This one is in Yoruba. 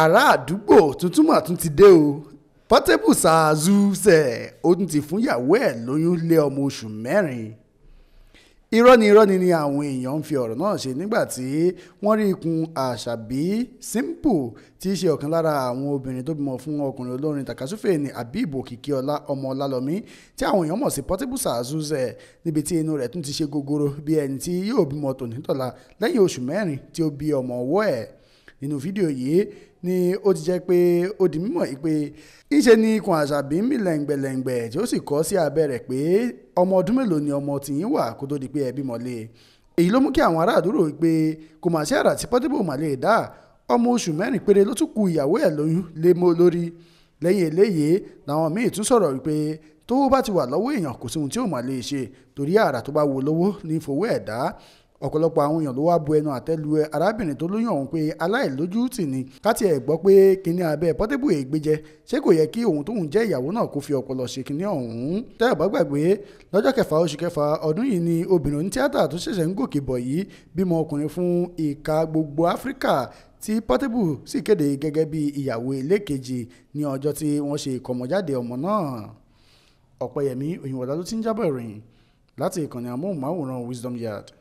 Ara àdúgbò tuntun mà tún ti dé o Portable Zazu ṣe ó tún ti fúnyàwó ẹ̀ lóyún lé ọmọ oṣù mẹ́rin irọ́ ni irọ́ ni ni àwọn èèyàn ń fi ọ̀rọ̀ náà ṣe nígbà tí wọ́n rí ikùn àṣàbí simple tí í ṣe ọ̀kan lára àwọn obìnrin tó bímọ fún ọkùnrin olórin takasúfèé ní Habeeb Òkìkíọlá ọmọ ọlálọ́mí tí àwọn èèyàn mọ̀ sí Portable Zazu níbi tí inú rẹ̀ tún ti ṣe gogoro bí ẹni tí yóò bímọ tòní tọ̀la lẹ́yìn oṣù mẹ́rin tí ó bí ọmọ ọwọ́ ẹ̀ nínú fídíò yìí ni ó ti jẹ́ pé ó di mímọ̀ yìí pé ìṣe ni ikùn àṣàbí ń mì lẹ́ǹgbẹ̀lẹ́ǹgbẹ̀ tí ó sì kọ́ sí abẹ́ rẹ̀ pé ọmọ ọdún mélòó ni ọmọ tìyín wà kó tó di pé ẹbí mọ́lé e. èyí ló mú kí àwọn ará àdúrò pé kò mà sí àrà tí Portable mà lè dá ọmọ oṣù mẹ́rin péré ló tún ku ìyàwó ẹ̀ lóyún lé mọ́ lórí lẹ́yìn eléyìí làwọn míì tún sọ̀rọ̀ wípé tó bá ti wà lọ́wọ́ èèyàn kò sí ohun tí ò mà ṣe torí àrà tó bá wo lówó ní fowó ẹ̀ dá ọ̀pọ̀lọpọ̀ àwọn èèyàn ló wá bu ẹnu àtẹ́lu arábìnrin tó lóyún ọ̀hún pé aláìlójútì ni káti ẹ̀ gbọ́ pé kinní abẹ́ pọ́tébù ègbéjẹ ṣé kò yẹ kí òun tóun jẹ́ ìyàwó náà kó fi ọpọlọ ṣe kinní ọ̀hún tẹ́ ẹ̀ gbàgbé lọ́jọ́ kẹfà oṣù kẹfà ọdún yìí ni obìnrin onítíátà tó ṣẹ̀ṣẹ̀ ń gòkè bọ̀ yìí bímọ ọkùnrin fún ìka gbogbo áfíríkà tí Portable sì kéde gẹ́gẹ́ bí ìyàwó ilé kejì ní ọjọ́ tí wọ́n ṣe ìkọmọjáde ọmọ náà ọ̀pẹ̀yẹmí òyìnbọ̀dá ló ti ń jábọ̀ ìròyìn láti ìkànnì amóhùnmáwòrán Wisdom Yard